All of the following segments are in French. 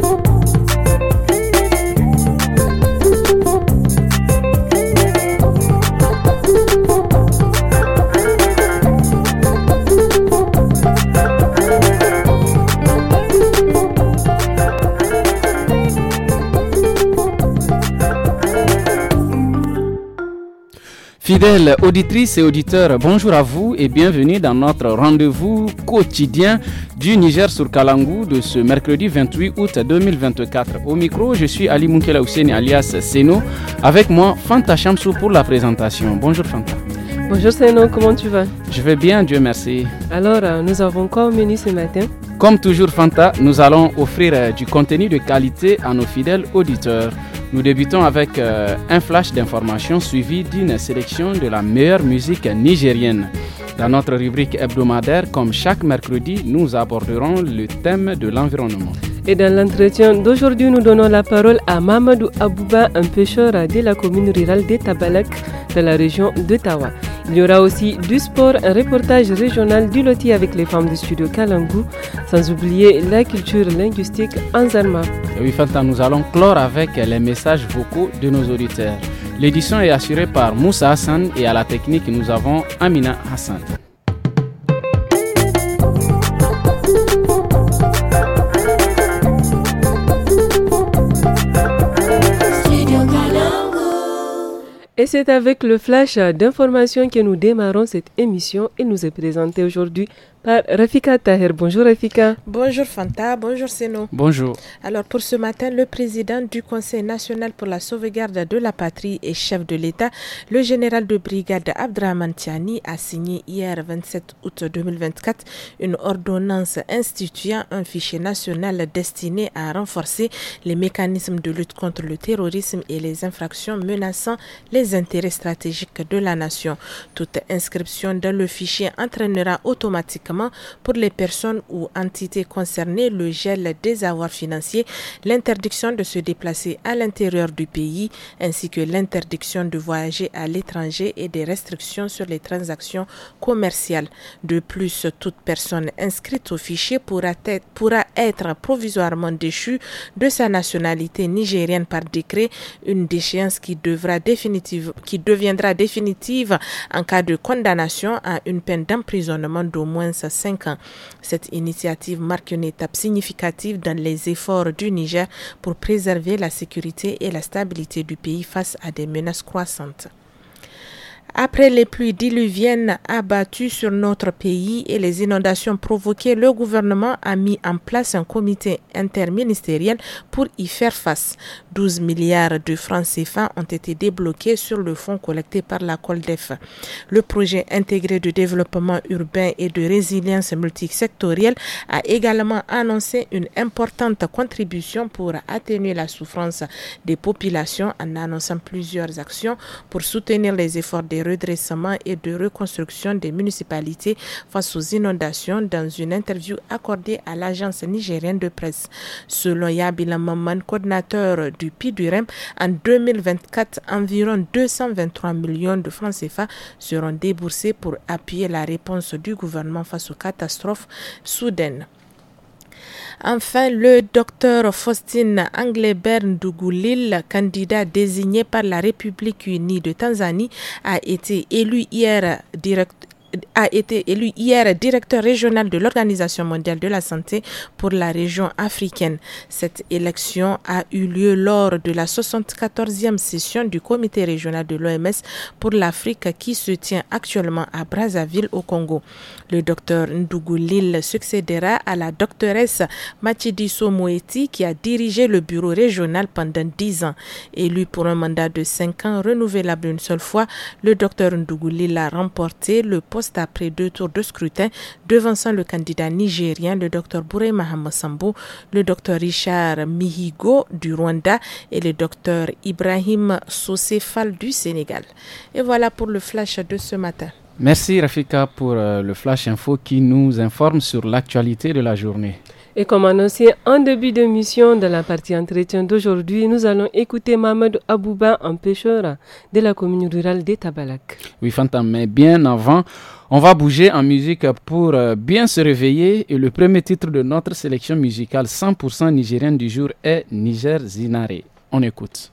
Thanks. Fidèles auditrices et auditeurs, bonjour à vous et bienvenue dans notre rendez-vous quotidien du Niger sur Kalangou de ce mercredi 28 août 2024. Au micro, je suis Ali Moukela Ouseni alias Seno, avec moi Fanta Chamsou pour la présentation. Bonjour Fanta. Bonjour Seno, comment tu vas Je vais bien, Dieu merci. Alors, euh, nous avons quoi au menu ce matin Comme toujours Fanta, nous allons offrir euh, du contenu de qualité à nos fidèles auditeurs. Nous débutons avec euh, un flash d'informations suivi d'une sélection de la meilleure musique nigérienne. Dans notre rubrique hebdomadaire, comme chaque mercredi, nous aborderons le thème de l'environnement. Et dans l'entretien d'aujourd'hui, nous donnons la parole à Mamadou Abouba, un pêcheur de la commune rurale de Tabalak, dans la région d'Ottawa. Il y aura aussi du sport, un reportage régional du loti avec les femmes du studio Kalangu, sans oublier la culture linguistique en Zarma. Et oui, Fanta, nous allons clore avec les messages vocaux de nos auditeurs. L'édition est assurée par Moussa Hassan et à la technique, nous avons Amina Hassan. Et c'est avec le flash d'information que nous démarrons cette émission. et nous est présenté aujourd'hui ah, Rafika Tahir, Bonjour Rafika. Bonjour Fanta, bonjour Seno. Bonjour. Alors pour ce matin, le président du Conseil national pour la sauvegarde de la patrie et chef de l'État, le général de brigade Abdramantiani Tiani, a signé hier 27 août 2024 une ordonnance instituant un fichier national destiné à renforcer les mécanismes de lutte contre le terrorisme et les infractions menaçant les intérêts stratégiques de la nation. Toute inscription dans le fichier entraînera automatiquement pour les personnes ou entités concernées, le gel des avoirs financiers, l'interdiction de se déplacer à l'intérieur du pays, ainsi que l'interdiction de voyager à l'étranger et des restrictions sur les transactions commerciales. De plus, toute personne inscrite au fichier pourra être, pourra être provisoirement déchue de sa nationalité nigérienne par décret, une déchéance qui, devra définitive, qui deviendra définitive en cas de condamnation à une peine d'emprisonnement d'au moins 5 ans. Cette initiative marque une étape significative dans les efforts du Niger pour préserver la sécurité et la stabilité du pays face à des menaces croissantes. Après les pluies diluviennes abattues sur notre pays et les inondations provoquées, le gouvernement a mis en place un comité interministériel pour y faire face. 12 milliards de francs CFA ont été débloqués sur le fonds collecté par la COLDEF. Le projet intégré de développement urbain et de résilience multisectorielle a également annoncé une importante contribution pour atténuer la souffrance des populations en annonçant plusieurs actions pour soutenir les efforts des redressement et de reconstruction des municipalités face aux inondations dans une interview accordée à l'agence nigérienne de presse. Selon Yabila Maman, coordinateur du PIDUREM, en 2024, environ 223 millions de francs CFA seront déboursés pour appuyer la réponse du gouvernement face aux catastrophes soudaines. Enfin, le docteur Faustine Anglebert Ndugoulil, candidat désigné par la République unie de Tanzanie, a été élu hier directeur a été élu hier directeur régional de l'Organisation mondiale de la santé pour la région africaine. Cette élection a eu lieu lors de la 74e session du comité régional de l'OMS pour l'Afrique qui se tient actuellement à Brazzaville au Congo. Le docteur Ndougou Lille succédera à la doctoresse Machidiso Moeti qui a dirigé le bureau régional pendant 10 ans. Élu pour un mandat de 5 ans renouvelable une seule fois, le docteur Ndougou Lille a remporté le poste après deux tours de scrutin, devançant le candidat nigérien, le docteur Bouré Mahama Sambo, le docteur Richard Mihigo du Rwanda et le docteur Ibrahim Sosefal du Sénégal. Et voilà pour le flash de ce matin. Merci Rafika pour euh, le flash info qui nous informe sur l'actualité de la journée. Et comme annoncé en début de mission de la partie entretien d'aujourd'hui, nous allons écouter Mahmoud Abouba, un pêcheur de la commune rurale des Tabalak. Oui, Fanta, mais bien avant, on va bouger en musique pour euh, bien se réveiller. Et le premier titre de notre sélection musicale 100% nigérienne du jour est Niger Zinare. On écoute.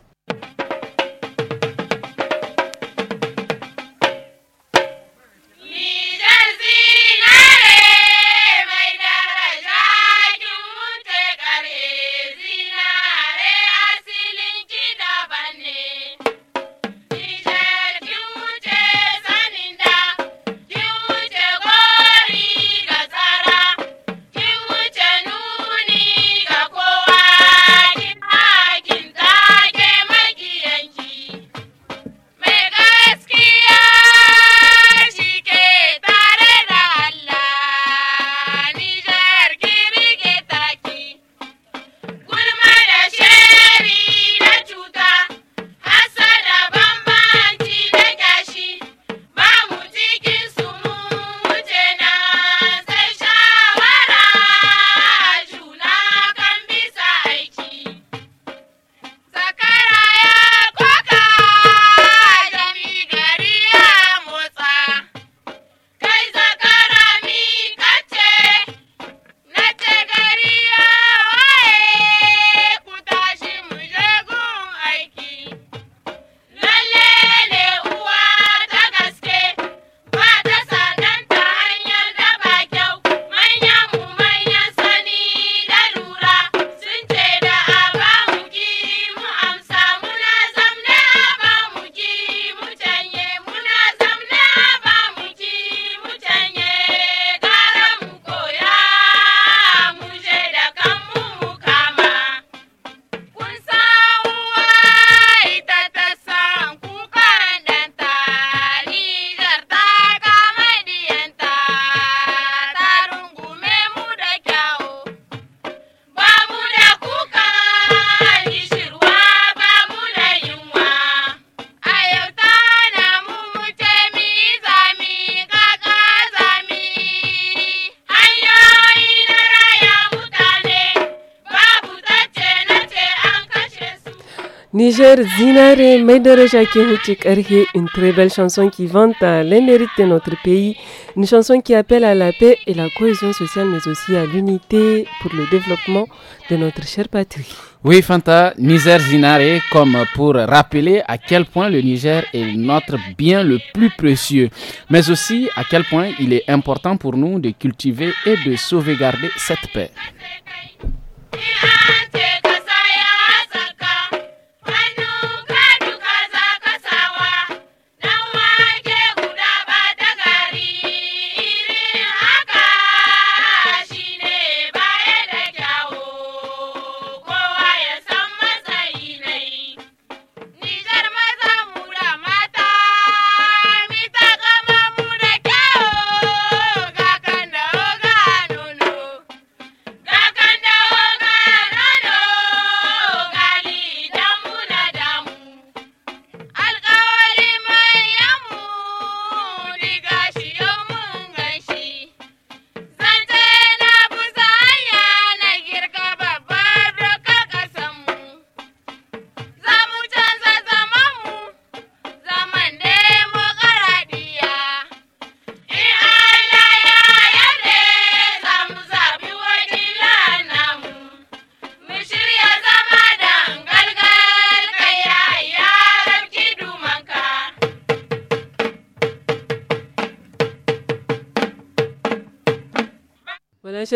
Zinare, Zinare, une très belle chanson qui vante les mérites de notre pays, une chanson qui appelle à la paix et la cohésion sociale, mais aussi à l'unité pour le développement de notre chère patrie. Oui, Fanta, Niger Zinare, comme pour rappeler à quel point le Niger est notre bien le plus précieux, mais aussi à quel point il est important pour nous de cultiver et de sauvegarder cette paix.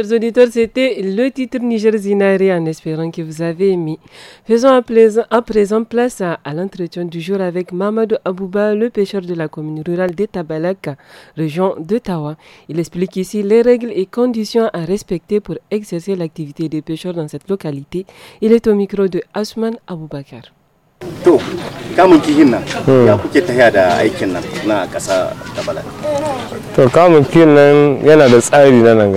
chers auditeurs, c'était le titre Niger Zinari en espérant que vous avez aimé. Faisons à présent, place à, l'entretien du jour avec Mamadou Abouba, le pêcheur de la commune rurale de Tabalaka, région Tawa. Il explique ici les règles et conditions à respecter pour exercer l'activité des pêcheurs dans cette localité. Il est au micro de Asman Aboubakar. to hmm. ya kuke da aikin na to nan yana da tsari na nan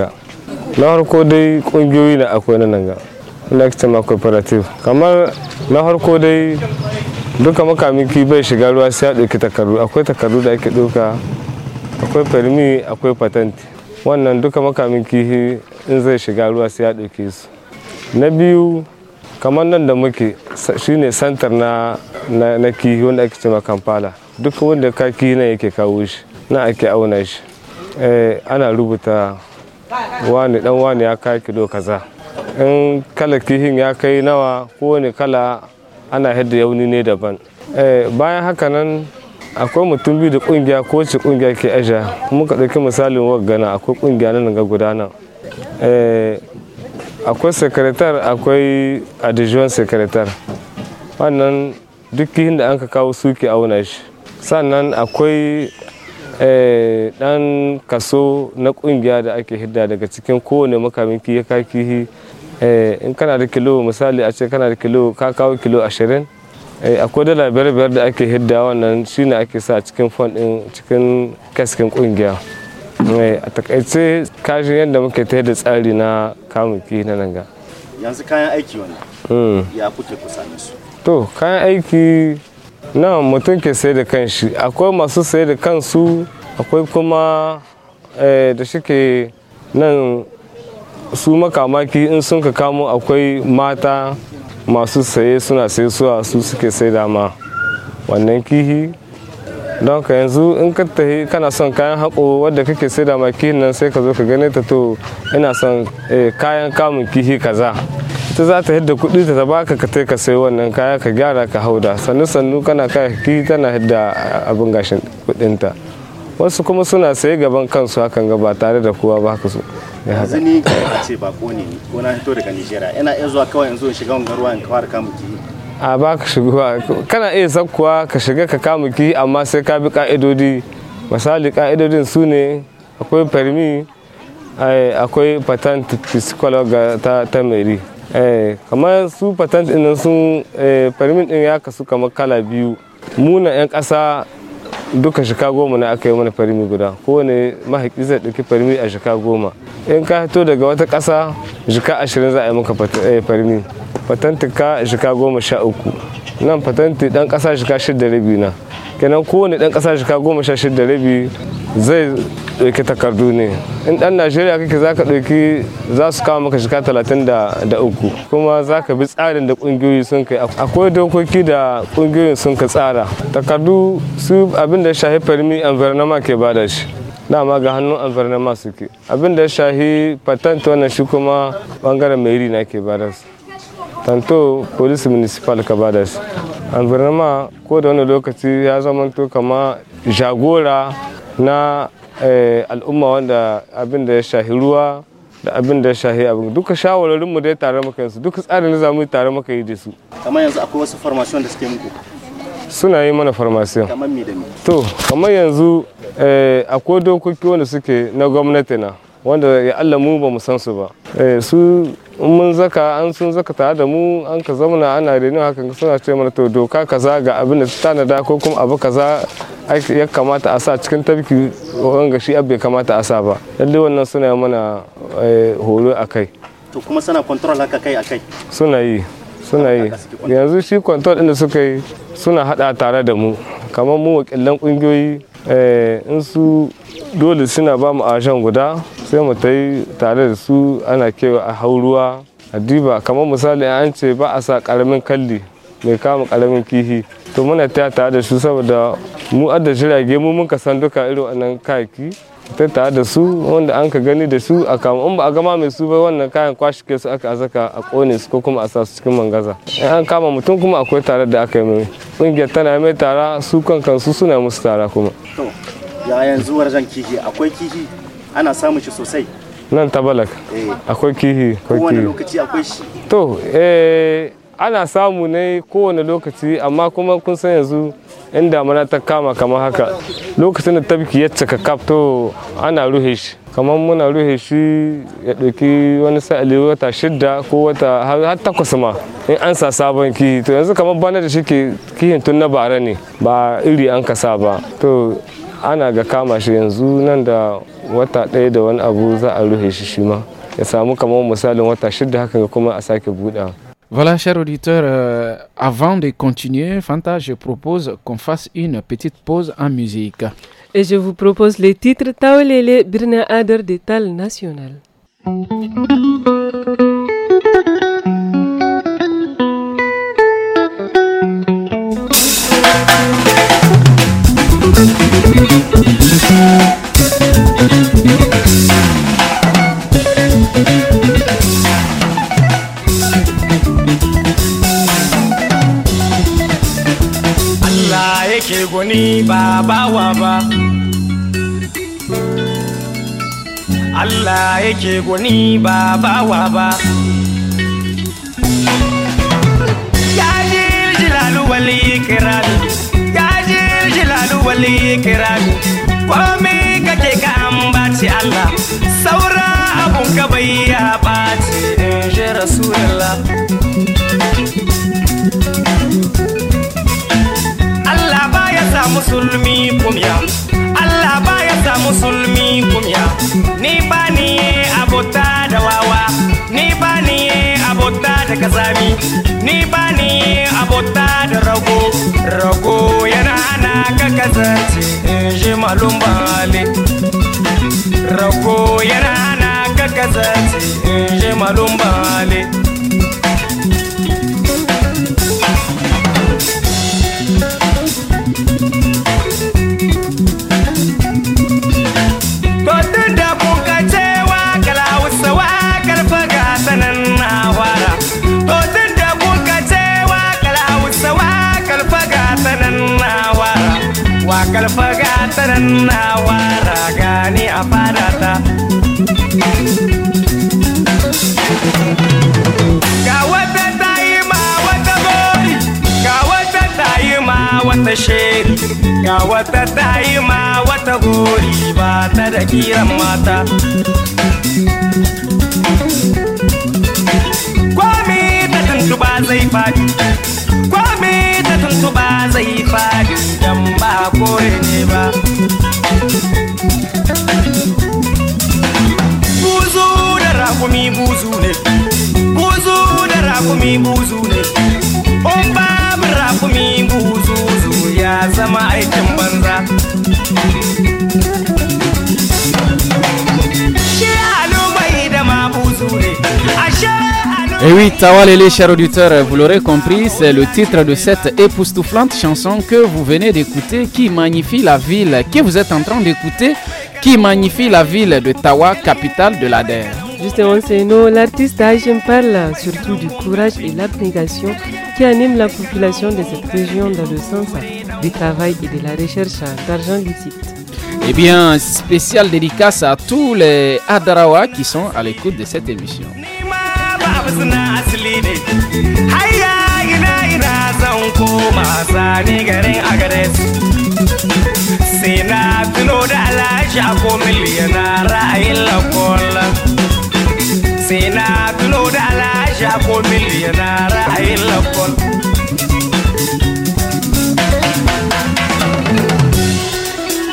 na harko dai kungiyoyi da akwai na nanga ga lactama cooperative kamar na harko dai duka makamiki bai shiga ruwa sai ya ɗauki takardu akwai takardu da ake ɗauka akwai permi akwai patent wannan duka makamin kihi in zai shiga ruwa sai ya ɗauke su na biyu kamar nan da muke shine santar na, na, kihi wanda ake cewa kampala duka wanda ka kihi nan yake kawo shi na ake auna shi eh, ana rubuta wani dan wani ya kai kilo kaza in kala kihin ya kai nawa kowane kala ana hidda yauni ne daban eh, bayan haka nan akwai mutum biyu da kungiya ko ce kungiya ke aja muka ɗauki misalin wagana akwai kungiya nan ga gudana eh, akwai sekretar akwai adijuwan sekretar wannan duk kihin da an ka kawo suke auna shi sannan akwai Eh, dan kaso na kungiya da ake hidda daga cikin kowane makamin fiye ka kihi eh, in kana da kilo misali a ce kana da kilo ka kawo kilo ashirin eh, akwai dala biyar biyar da ake hidda wannan shine ake sa cikin fon din cikin kaskin kungiya a takaice kashin yadda muke ta da tsari na kamun kihi na nan ga yanzu kayan aiki wani hmm. ya kuke kusa su to kayan aiki na mutum ke saye da kanshi akwai masu saye da kansu akwai kuma eh, da shike nan su makamaki in sun ka kamo akwai mata masu saye suna saye suwa su suke sai dama wannan kihi don ka yanzu in ka kana son kayan haƙo wadda kake sai dama kihin nan sai ka zo ka gane ta to ina son eh, kayan kamun kihi kaza ita za ta yadda kuɗi ta ta baka ka ka sayo wannan kaya ka gyara ka hauda sannu sannu kana kaya ki tana yadda abin gashin kuɗinta wasu kuma suna saye gaban kansu hakan ga ba tare da kowa ba haka ya haka ni ka ce ba ko ne ko na fito daga Nigeria ina iya zuwa kawai yanzu in shiga wangar ruwa in kawar kamu kihi a ba ka shiga kana iya zakkuwa ka shiga ka kamu kihi amma sai ka bi ka'idodi misali ka'idodin su ne akwai farmi akwai patent psychologa ta meri. Eh, kamar su patent ɗin sun eh, permit ɗin ya kasu kamar kala biyu muna 'yan ƙasa duka shika goma na aka yi mana permit guda kowane mahaƙi zai ɗauki permit a shika goma in ka fito daga wata ƙasa shika ashirin za a yi maka eh, permit patent ka shika goma sha uku nan patent ɗan ƙasa shika shida rabi na kenan kowane dan kasa shika goma sha shida rabi zai ɗauki takardu ne in dan najeriya kake za ka ɗauki za su kawo maka shika talatin da uku kuma za ka bi tsarin da ƙungiyoyi sun kai akwai dokoki da ƙungiyoyi sun ka tsara takardu su abin da shahi farmi environment ke bada shi dama ga hannun su suke abin da shahi patent wannan shi kuma bangaren mairi na ke bada su tanto police municipal ka bada shi albarnama ko da wani lokaci ya zamanto kama jagora na eh, al'umma wanda abin da ya shahi ruwa da abin da ya shahi abin duka shawararin mu dai tare maka yansu duka tsarin da zamu yi tare maka yi da su kamar yanzu akwai wasu farmasiyon da suke muku suna yi mana farmasiyon kamar me da me to kamar yanzu eh, akwai dokoki wanda suke na gwamnati na wanda ya Allah mu ba mu san su ba eh, su in mun zaka an sun zaka tare da mu an ka zamana ana ni hakan suna ce mana to doka kaza ga abin da ta nada ko kuma abu kaza ya kamata a sa cikin tafki wanga shi abu ya kamata a sa ba lalle wannan suna yi mana eh, horo a kai to kuma suna control haka kai a kai suna yi suna yi yanzu shi control din da suka yi suna hada tare da mu kamar mu wakilan kungiyoyi eh, in su dole suna ba mu ajan guda sai mu ta yi tare da su ana kewa a hauruwa a diba kamar misali an ce ba a sa karamin kalli mai kama karamin kihi to muna ta tare da su saboda mu adda jirage mu mun san duka irin wannan kayaki ta tare da su wanda an ka gani da su a kama in ba a gama mai su ba wannan kayan ke su aka azaka a kone su ko kuma a sa su cikin mangaza in an kama mutum kuma akwai tare da aka yi mai kungiyar tana mai tara su kankan su suna musu tara kuma ya yanzu wajen kihi akwai kihi ana samun shi sosai nan eh. akwai kihi akwai kihi kowane lokaci akwai shi to eh ana samu ne kowane lokaci amma kuma kun san yanzu in damana ta kama kamar haka lokacin da tabki ya cika kaf to ana ruhe shi kamar muna ruhe shi ya ɗauki wani sa'ali wata shidda ko wata har takwas ma in an sa sabon kihi to yanzu kamar bana da shike kihin tun na bara ne ba iri an kasa ba to ana ga kama shi yanzu nan da Voilà, chers auditeurs, euh, avant de continuer, Fanta, je propose qu'on fasse une petite pause en musique. Et je vous propose le titre Taolele Birna Ader de Tal National. Allah yake guni ba bawa ba ya ji jilalu wali kirami ya ji jilalu wali kirami Ko kake ka ambaci Allah saura abun ka bai ya ɓaci in ji rasulallah musulmi kumya Allah ba ya sa musulmi kumya ni ba ni abota da wawa ni ba ni abota da kazami ni ba ni abota da rago rago yana ana ka kazanci in ji malum bale rago yana ana ka kazanci in ji malum bale ina raga gani a farata. ga wata ta ma wata gori ga wata ta ma wata sheri ga wata ta ma wata gori ba ta da kiran mata kwami ta tuntuba zai fadi kwami ta tuntuba zai fadi Eh et oui, Tawa les chers auditeurs, vous l'aurez compris, c'est le titre de cette époustouflante chanson que vous venez d'écouter qui magnifie la ville que vous êtes en train d'écouter, qui magnifie la ville de Tawa, capitale de la l'Adère. Justement, c'est nous, l'artiste Hachem parle surtout du courage et l'abnégation qui animent la population de cette région dans le sens du travail et de la recherche d'argent lucide. Eh bien, spécial dédicace à tous les Adarawa qui sont à l'écoute de cette émission. sena na tuno da alasha ko miliyana ra'ayin lafon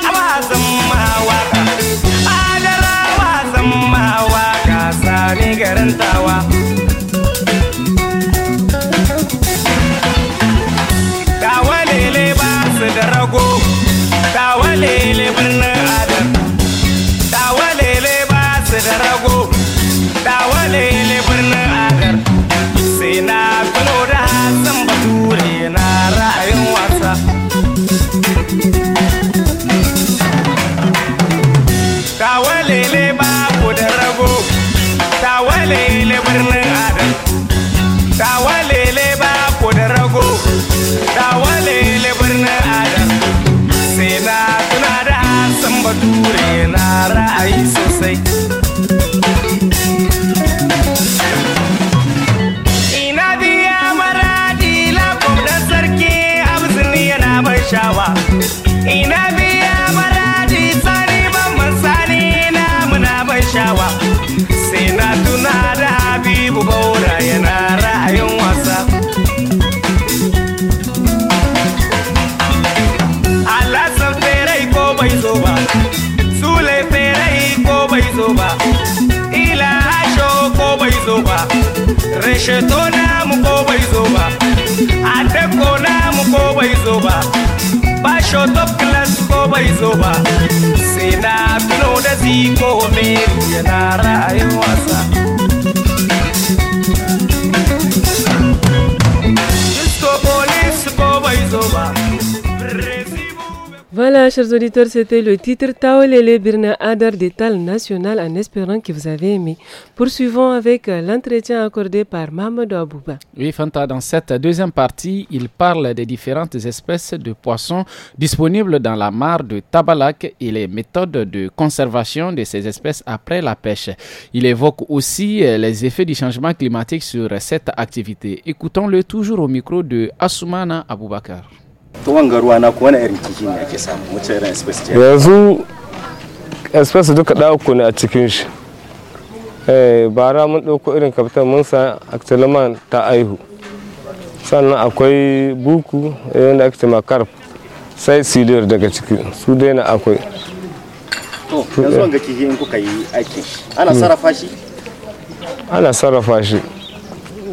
wasan mawaka dile verle izoba sina tinoona dzikohomeri yanarayoasa Voilà, chers auditeurs, c'était le titre Taolele Birna Adar d'État National en espérant que vous avez aimé. Poursuivons avec euh, l'entretien accordé par Mamadou Abouba. Oui, Fanta, dans cette deuxième partie, il parle des différentes espèces de poissons disponibles dans la mare de Tabalak et les méthodes de conservation de ces espèces après la pêche. Il évoque aussi euh, les effets du changement climatique sur cette activité. Écoutons-le toujours au micro de Asumana Aboubakar. to ruwa na irin kifi ne ake samu irin ce yanzu duka da ne a cikin shi eh bara mun dauko irin kaftan mun sa actualman ta aihu sannan akwai buku eh, wanda ake cewa carp sai daga ciki su dai na akwai to yanzu wanga kifi in kuka yi ana hmm. sarrafa shi ana sarrafa shi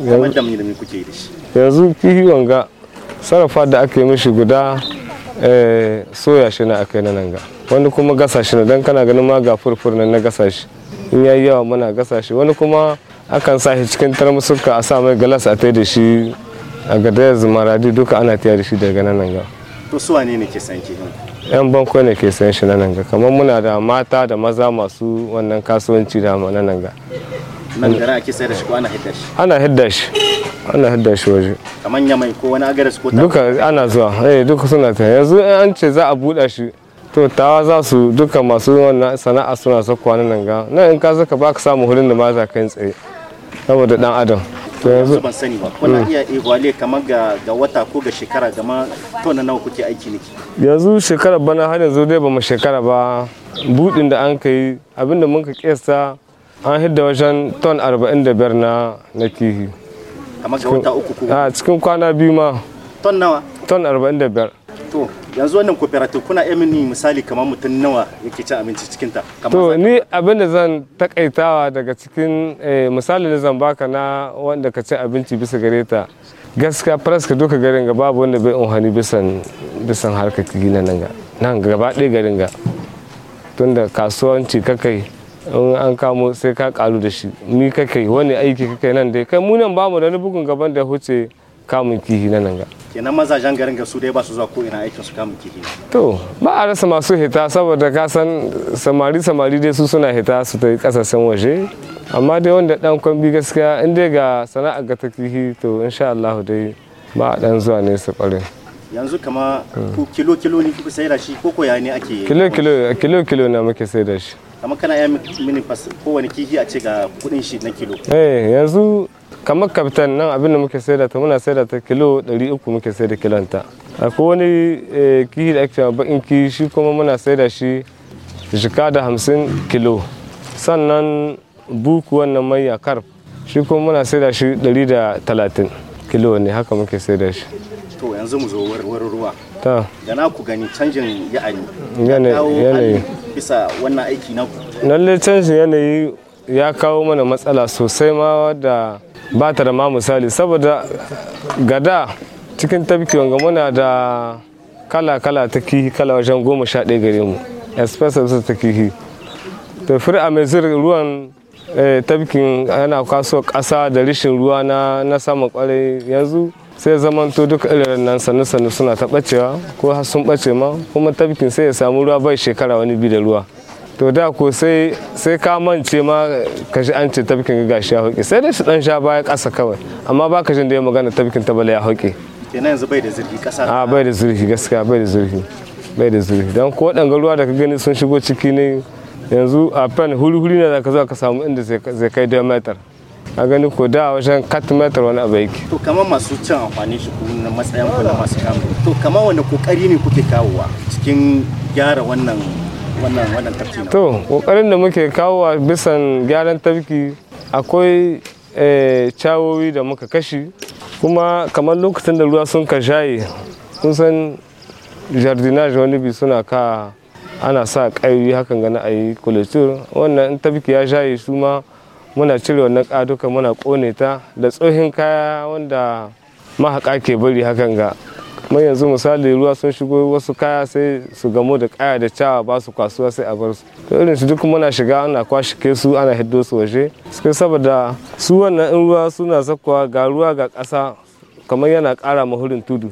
kamar da kuke yi da shi yanzu kifi wanga sarrafa da aka yi mishi guda eh, soya shi na aka yi na nanga wani kuma gasa shi na don kana ganin ma ga furfur nan na gasa shi in yayi yawa muna gasa shi wani kuma akan sa shi cikin tarmusuka a sa mai galas a tai da shi a gadayar zumaradi duka ana taya da shi daga na nanga to su wane ne ke san ke yan banko ne ke san shi na nanga kamar muna da mata da maza masu wannan kasuwanci da nan nanga nan gara ake sayar da shi ko ana hidda shi ana hidda shi ana hidda shi waje kamar yamai ko wani agaras ko duka ana zuwa eh duka suna ta yanzu an ce za a buɗe shi to tawa za su duka masu wannan sana'a suna sakwa nan ga nan in ka zaka baka samu hulun da ma za ka yi tsaye saboda dan adam to yanzu ban sani ba kuna mm. iya iwale kamar ga ga wata ko ga shekara gama to na nawa kuke aiki niki yanzu shekara bana har yanzu dai ba mu shekara ba budin da an kai abinda mun ka kiyasta an hidda wajen ton 45 na na kihi a cikin kwana biyu ma ton nawa ton 45 to yanzu wannan cooperative kuna iya mini misali kamar mutum nawa yake cin abinci cikin ta to ni abin da zan takaitawa daga cikin eh, misali da zan baka na wanda ka ci abinci bisa gare ta gaskiya faraska duka garin ga babu wanda bai unhani bisan bisan harkar gina nan ga nan gaba ɗaya garin ga tunda kasuwanci kakai in an kamo sai ka karu da shi ka kake wani aiki kake nan dai kai munan ba mu da bugun gaban da huce kamun kihi na nan ga kenan mazajen garin ga su dai ba su zuwa ko ina aikin su kamun kihi to ba a rasa masu hita saboda ka san samari samari dai su suna hita su ta kasashen waje amma dai wanda dan kwambi gaskiya in dai ga sana'a ga ta kihi to insha Allah dai ba a dan zuwa ne su kware. yanzu kama hmm. kilo kilo ne kuka sayar da shi ko ko ya ne ake kilo kilo kilo kilo na muke sayar da shi kamar kana ya mini kowane kifi a ce ga kudin shi na kilo eh yanzu kamar kaftan nan abin da muke saida ta muna saida ta kilo 300 muke saida kilanta akwai wani eh, kihi da ake bakin kihi shi kuma muna saida shi jika da 50 kilo sannan buku wannan mai a karf shi kuma muna saida shi 130 kilo ne haka muke saida shi to yanzu mu zo warwar ruwa da na ku gani canjin ya'ani bisa wannan aiki na ku lalle canjin yanayi ya kawo mana matsala sosai ma da ba ta da ma misali saboda gada cikin tafki wanga muna da kala-kala ta kihi kala wajen goma sha ɗaya gare mu espresso ta kihi to fir a mai ruwan eh, tafkin yana kwaso ƙasa da rishin ruwa na saman kwarai yanzu sai zamanto duk irin nan sannu-sannu suna ta bacewa ko har sun bace ma kuma tafkin sai ya samu ruwa bai shekara wani bi da ruwa to da ko sai sai ka mance ma ka ji an ce tafkin ga shi ya hauke sai dai shi dan sha baya ƙasa kawai amma ba ka jin da ya magana tafkin ta bala ya hauke kenan yanzu bai da zurfi ƙasa a bai da zurfi gaskiya bai da zurfi bai da zurfi don ko waɗanga ruwa da ka gani sun shigo ciki ne yanzu a fen huri-huri ne da ka zo ka samu inda zai kai diameter a gani ko da wajen katimetar wani abu yake to kamar masu cin amfani shi ku na matsayin ku na masu kama to kamar wanda kokari ne kuke kawowa cikin gyara wannan wannan wannan tafki to kokarin da muke kawowa bisan gyaran tafki akwai eh, cawowi da muka kashi kuma kamar lokacin da ruwa sun ka shaye kun san jardinage wani bi suna ka ana sa ƙayoyi hakan gana a yi wannan in tafki ya shaye su ma muna cire wannan ƙaduka muna ƙone ta da tsohin kaya wanda mahaƙa ke bari hakan ga mai yanzu misali ruwa sun shigo wasu kaya sai su gamo da kaya da cawa ba su kwasuwa sai a bar su to irin su duk muna shiga ana ke su ana hiddo su waje sai saboda su wannan in ruwa suna sakwa ga ruwa ga ƙasa kamar yana ƙara mahurin tudu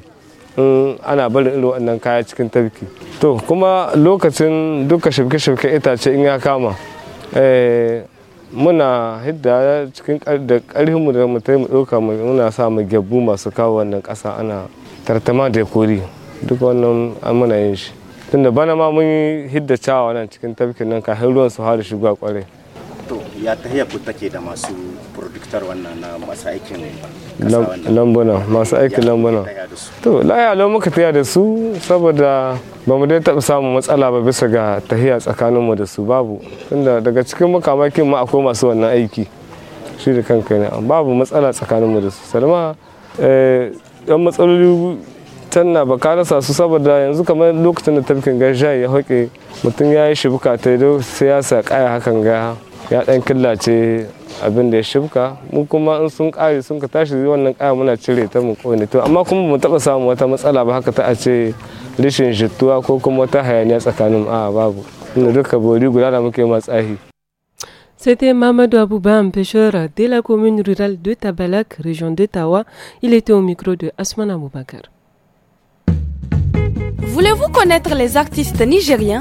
in ana barin irin wannan kaya cikin tarki to kuma lokacin duka shafke-shafke itace in ya kama eh, muna hidda cikin da mu da mu mu ɗauka muna sa mu gyabu masu kawo wannan ƙasa ana tartama da kori duk wannan an muna yin shi tunda bana ma mun yi hidda cawa nan cikin tafkin nan kafin ruwan su fara a kwarai to ya tahiya ku take da masu productor wannan na masu aikin lambuna masu aikin lambuna to laya muka tafiya da su saboda ba mu dai taɓa samun matsala ba bisa ga tahiya tsakaninmu da su babu tunda daga cikin makamakin ma akwai masu wannan aiki shi da kanka ne babu matsala tsakaninmu da su salma eh, yan matsaloli can na baka rasa su saboda yanzu kamar lokacin da tafkin gasha ya haƙe mutum ya yi shi bukata sai ya sa kaya hakan ga ya ɗan killace C'était Mamadou pêcheur de la commune rurale de Tabalak, région Tawa. Il était au micro de Asman Voulez-vous connaître les artistes nigériens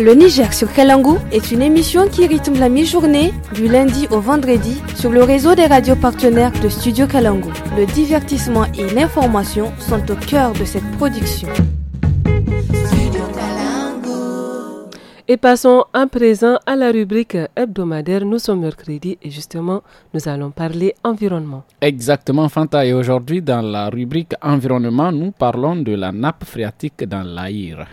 Le Niger sur Kalangu est une émission qui rythme la mi-journée du lundi au vendredi sur le réseau des radios partenaires de Studio Kalangu. Le divertissement et l'information sont au cœur de cette production. Et passons à présent à la rubrique hebdomadaire. Nous sommes mercredi et justement, nous allons parler environnement. Exactement, Fanta. Et aujourd'hui, dans la rubrique environnement, nous parlons de la nappe phréatique dans l'Aïr.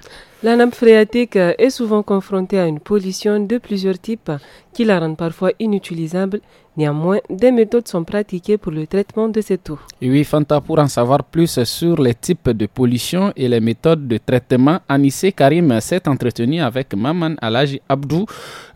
La nappe phréatique est souvent confrontée à une pollution de plusieurs types qui la rendent parfois inutilisable Néanmoins, des méthodes sont pratiquées pour le traitement de cette eau. Oui, Fanta, pour en savoir plus sur les types de pollution et les méthodes de traitement, Anissé Karim s'est entretenu avec Maman Alaji Abdou,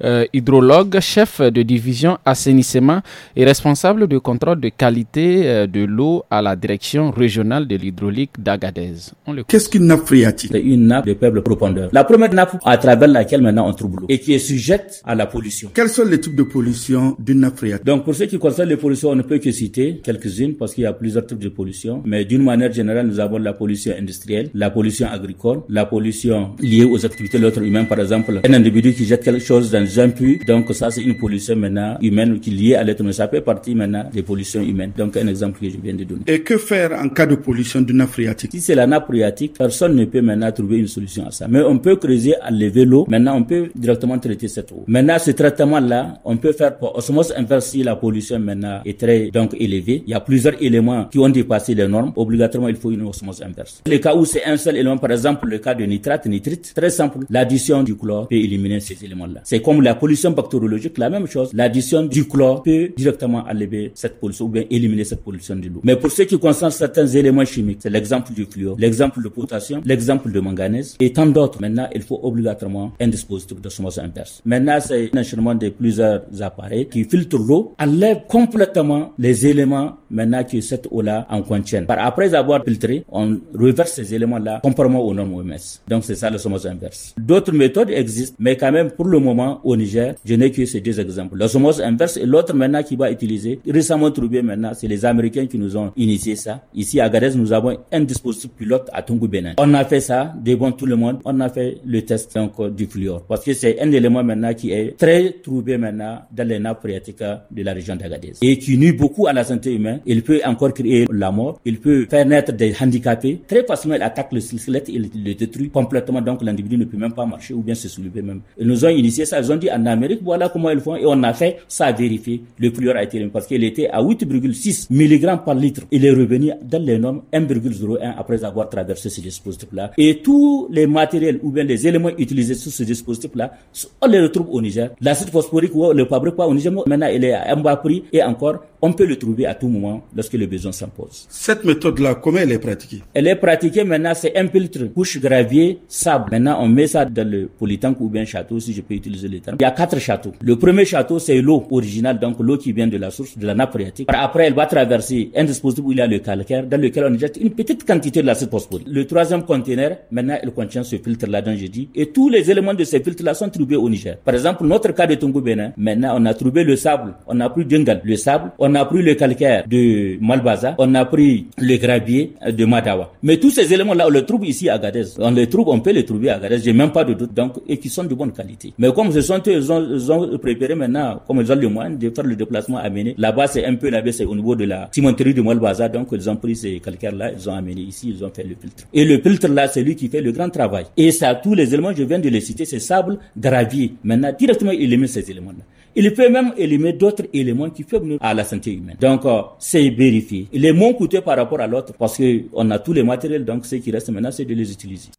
euh, hydrologue, chef de division assainissement et responsable de contrôle de qualité euh, de l'eau à la direction régionale de l'hydraulique d'Agadez. Qu'est-ce qu'une nappe phréatique C'est une nappe de peuple profondeur. La première nappe à travers laquelle maintenant on trouve l'eau et qui est sujette à la pollution. Quels sont les types de pollution d'une nappe phréatique donc pour ce qui concerne les pollutions, on ne peut que citer quelques-unes parce qu'il y a plusieurs types de pollution. Mais d'une manière générale, nous avons la pollution industrielle, la pollution agricole, la pollution liée aux activités de l'être humain. Par exemple, un individu qui jette quelque chose dans un puits, donc ça c'est une pollution maintenant humaine qui est liée à l'être humain. Ça fait partie maintenant des pollutions humaines. Donc un exemple que je viens de donner. Et que faire en cas de pollution d'une nappe phréatique Si c'est la nappe phréatique, personne ne peut maintenant trouver une solution à ça. Mais on peut creuser, à enlever l'eau. Maintenant, on peut directement traiter cette eau. Maintenant, ce traitement-là, on peut faire par osmose inverse la pollution maintenant est très donc élevée, il y a plusieurs éléments qui ont dépassé les normes, obligatoirement il faut une osmose inverse. Le cas où c'est un seul élément, par exemple le cas de nitrate, nitrite, très simple, l'addition du chlore peut éliminer ces éléments-là. C'est comme la pollution bactériologique, la même chose. L'addition du chlore peut directement enlever cette pollution ou bien éliminer cette pollution de l'eau. Mais pour ceux qui concerne certains éléments chimiques, c'est l'exemple du fluor, l'exemple de potassium, l'exemple de manganèse et tant d'autres. Maintenant, il faut obligatoirement un dispositif d'osmose inverse. Maintenant, c'est un enchaînement de plusieurs appareils qui filtrent l'eau enlève complètement les éléments maintenant que cette eau-là en contient. Par après avoir filtré, on reverse ces éléments-là conformément aux normes OMS. Donc c'est ça le somos inverse. D'autres méthodes existent, mais quand même pour le moment au Niger, je n'ai que ces deux exemples. Le somos inverse et l'autre maintenant qui va utiliser, récemment trouvé maintenant, c'est les Américains qui nous ont initié ça. Ici à Gadez, nous avons un dispositif pilote à Tungu Bénin. On a fait ça devant tout le monde, on a fait le test donc, du fluor parce que c'est un élément maintenant qui est très trouvé maintenant dans les nappes phréatiques de la région d'Agadez et qui nuit beaucoup à la santé humaine. Il peut encore créer la mort, il peut faire naître des handicapés. Très facilement, il attaque le squelette, il le détruit complètement, donc l'individu ne peut même pas marcher ou bien se soulever même. Ils nous ont initié ça, ils ont dit en Amérique, voilà comment ils font et on a fait ça vérifier. Le fluor a été parce qu'il était à 8,6 mg par litre. Il est revenu dans les normes 1,01 après avoir traversé ce dispositif-là. Et tous les matériels ou bien les éléments utilisés sur ce dispositif-là, on les retrouve au Niger. L'acide phosphorique, on oh, ne le fabrique pas au Niger, maintenant il est à prix, et encore, on peut le trouver à tout moment lorsque le besoin s'impose. Cette méthode-là, comment elle est pratiquée Elle est pratiquée maintenant, c'est un filtre, couche gravier, sable. Maintenant, on met ça dans le polytank ou bien château, si je peux utiliser le terme. Il y a quatre châteaux. Le premier château, c'est l'eau originale, donc l'eau qui vient de la source, de la nappe phréatique. Après, elle va traverser un dispositif où il y a le calcaire, dans lequel on jette une petite quantité de l'acide phosphorique. Le troisième conteneur, maintenant, il contient ce filtre-là dont j'ai dit. Et tous les éléments de ce filtre-là sont trouvés au Niger. Par exemple, notre cas de Tongo Bénin, maintenant, on a trouvé le sable, on a pris le sable, on a pris le calcaire de Malbaza, on a pris le gravier de Madawa. Mais tous ces éléments-là, on les trouve ici à Gadez. On les trouve, on peut les trouver à Gadez, j'ai même pas de doute, donc, et qui sont de bonne qualité. Mais comme ce sont eux, ils ont, préparé maintenant, comme ils ont le moyen de faire le déplacement amené, là-bas, c'est un peu, là-bas, c'est au niveau de la cimenterie de Malbaza, donc ils ont pris ces calcaires-là, ils ont amené ici, ils ont fait le filtre. Et le filtre-là, c'est lui qui fait le grand travail. Et ça, tous les éléments, je viens de les citer, c'est sable, gravier. Maintenant, directement, il émet ces éléments-là. Il peut même éliminer d'autres éléments qui peuvent à la santé humaine. Donc, euh, c'est vérifié. Il est moins coûté par rapport à l'autre parce qu'on a tous les matériels, donc ce qui reste maintenant, c'est de les utiliser.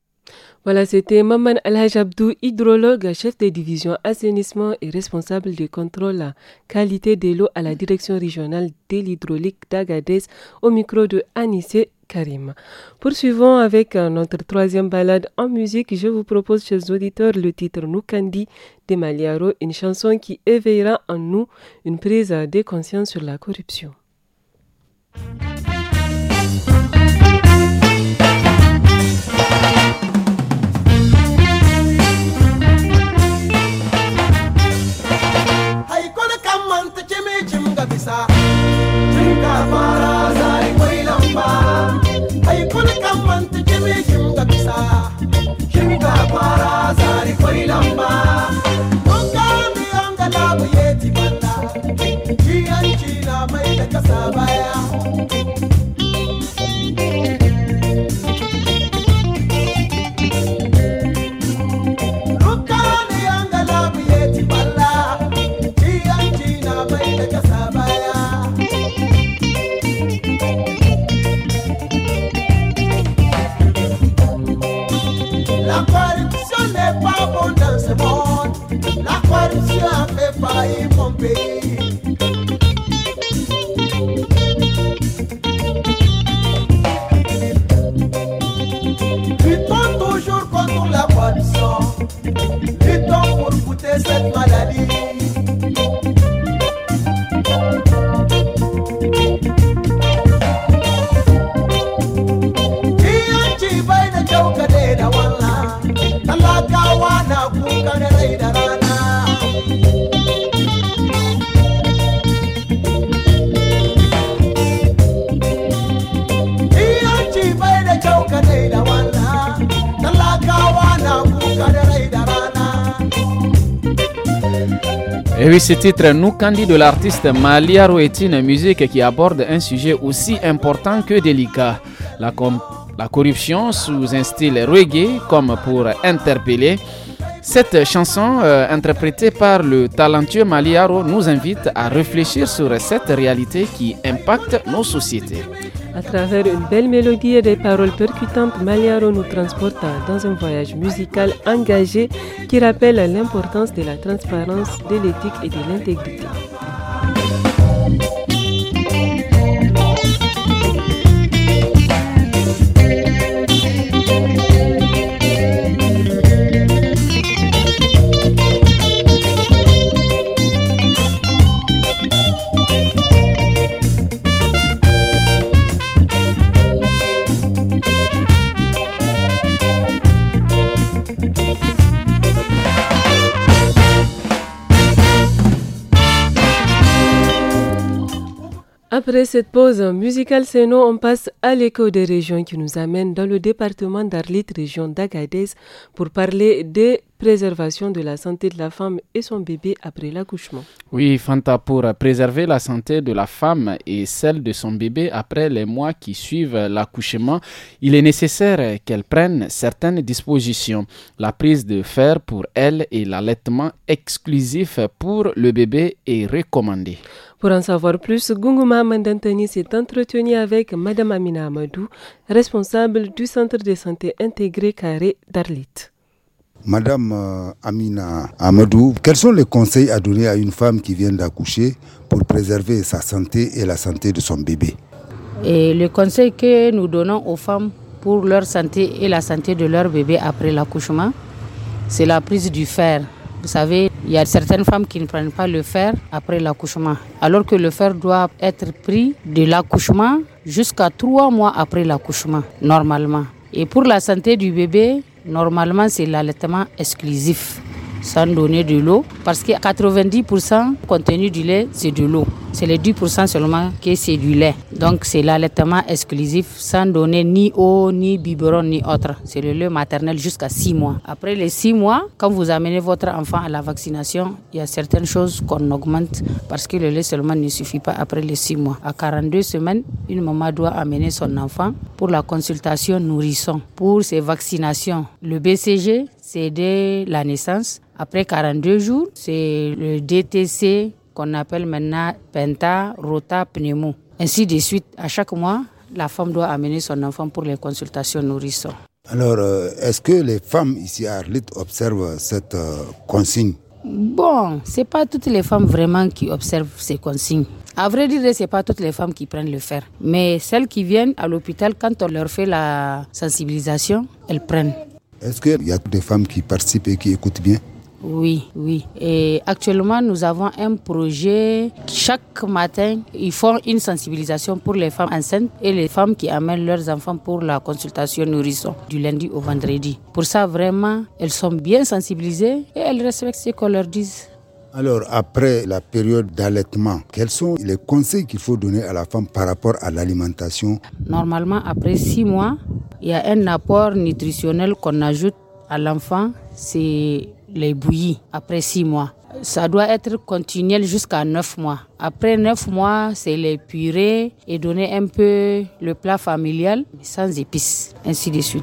Voilà, c'était Maman Alhaj Abdou, hydrologue, chef de division assainissement et responsable de contrôle à qualité de l'eau à la direction régionale de l'hydraulique d'Agadez au micro de Anissé Karim. Poursuivons avec euh, notre troisième balade en musique. Je vous propose, chers auditeurs, le titre Nukandi de Maliaro, une chanson qui éveillera en nous une prise de conscience sur la corruption. ba ai kun kan manta kimi kin ga bisa kin fara zari koi lamba mun ga mi an ga labu yeti banda ci na mai da kasa baya ce titre, candid de l'artiste Maliaro est une musique qui aborde un sujet aussi important que délicat. La, corruption sous un style reggae comme pour interpeller. Cette chanson, euh, interprétée par le talentueux Maliaro, nous invite à réfléchir sur cette réalité qui impacte nos sociétés. À travers une belle mélodie et des paroles percutantes, Maliaro nous transporte dans un voyage musical engagé qui rappelle l'importance de la transparence, de l'éthique et de l'intégrité. Après cette pause musicale, c'est nous, on passe à l'écho des régions qui nous amène dans le département d'Arlit, région d'Agadez, pour parler des préservation de la santé de la femme et son bébé après l'accouchement. Oui, Fanta, pour préserver la santé de la femme et celle de son bébé après les mois qui suivent l'accouchement, il est nécessaire qu'elle prenne certaines dispositions. La prise de fer pour elle et l'allaitement exclusif pour le bébé est recommandé. Pour en savoir plus, Gunguma Mandantani s'est entretenu avec Madame Amina Amadou, responsable du centre de santé intégré Carré d'Arlit. Madame euh, Amina Amadou, quels sont les conseils à donner à une femme qui vient d'accoucher pour préserver sa santé et la santé de son bébé et Le conseil que nous donnons aux femmes pour leur santé et la santé de leur bébé après l'accouchement, c'est la prise du fer. Vous savez, il y a certaines femmes qui ne prennent pas le fer après l'accouchement, alors que le fer doit être pris de l'accouchement jusqu'à trois mois après l'accouchement, normalement. Et pour la santé du bébé, Normalement c'est l'allaitement exclusif sans donner de l'eau, parce que 90% contenu du lait, c'est de l'eau. C'est les 10% seulement que c'est du lait. Donc c'est l'allaitement exclusif sans donner ni eau, ni biberon, ni autre. C'est le lait maternel jusqu'à 6 mois. Après les 6 mois, quand vous amenez votre enfant à la vaccination, il y a certaines choses qu'on augmente parce que le lait seulement ne suffit pas après les 6 mois. À 42 semaines, une maman doit amener son enfant pour la consultation nourrisson, pour ses vaccinations. Le BCG, c'est dès la naissance. Après 42 jours, c'est le DTC qu'on appelle maintenant Penta, Rota, Pneumo. Ainsi de suite, à chaque mois, la femme doit amener son enfant pour les consultations nourrissons. Alors, euh, est-ce que les femmes ici à Arlit observent cette euh, consigne Bon, c'est pas toutes les femmes vraiment qui observent ces consignes. À vrai dire, c'est pas toutes les femmes qui prennent le fer. Mais celles qui viennent à l'hôpital, quand on leur fait la sensibilisation, elles prennent. Est-ce qu'il y a des femmes qui participent et qui écoutent bien oui, oui. Et actuellement, nous avons un projet. Chaque matin, ils font une sensibilisation pour les femmes enceintes et les femmes qui amènent leurs enfants pour la consultation nourrisson du lundi au vendredi. Pour ça, vraiment, elles sont bien sensibilisées et elles respectent ce qu'on leur dit. Alors, après la période d'allaitement, quels sont les conseils qu'il faut donner à la femme par rapport à l'alimentation Normalement, après six mois, il y a un apport nutritionnel qu'on ajoute à l'enfant, c'est les bouillies, après six mois. Ça doit être continuel jusqu'à neuf mois. Après neuf mois, c'est les purées et donner un peu le plat familial sans épices, ainsi de suite.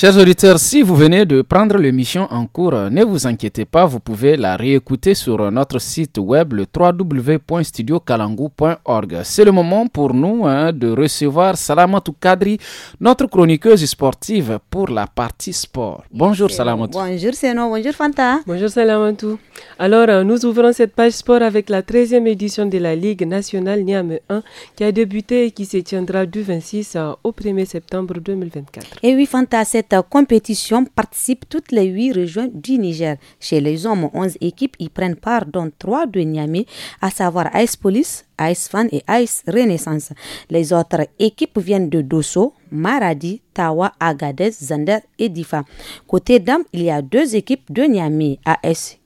Chers auditeurs, si vous venez de prendre l'émission en cours, ne vous inquiétez pas, vous pouvez la réécouter sur notre site web le www.studiocalangou.org. C'est le moment pour nous hein, de recevoir Salamatou Kadri, notre chroniqueuse sportive pour la partie sport. Bonjour Salamatou. Bonjour Seno, bonjour Fanta. Bonjour Salamatou. Alors, euh, nous ouvrons cette page sport avec la 13e édition de la Ligue nationale Niame 1 qui a débuté et qui se tiendra du 26 euh, au 1er septembre 2024. Et oui Fanta, cette cette compétition participe toutes les huit régions du Niger. Chez les hommes, 11 équipes y prennent part, dont trois de Niamey, à savoir Ice Police, Ice Fan et Ice Renaissance. Les autres équipes viennent de Dosso, Maradi, Tawa, Agadez, Zander et Difa. Côté dames, il y a deux équipes de Niamey, AS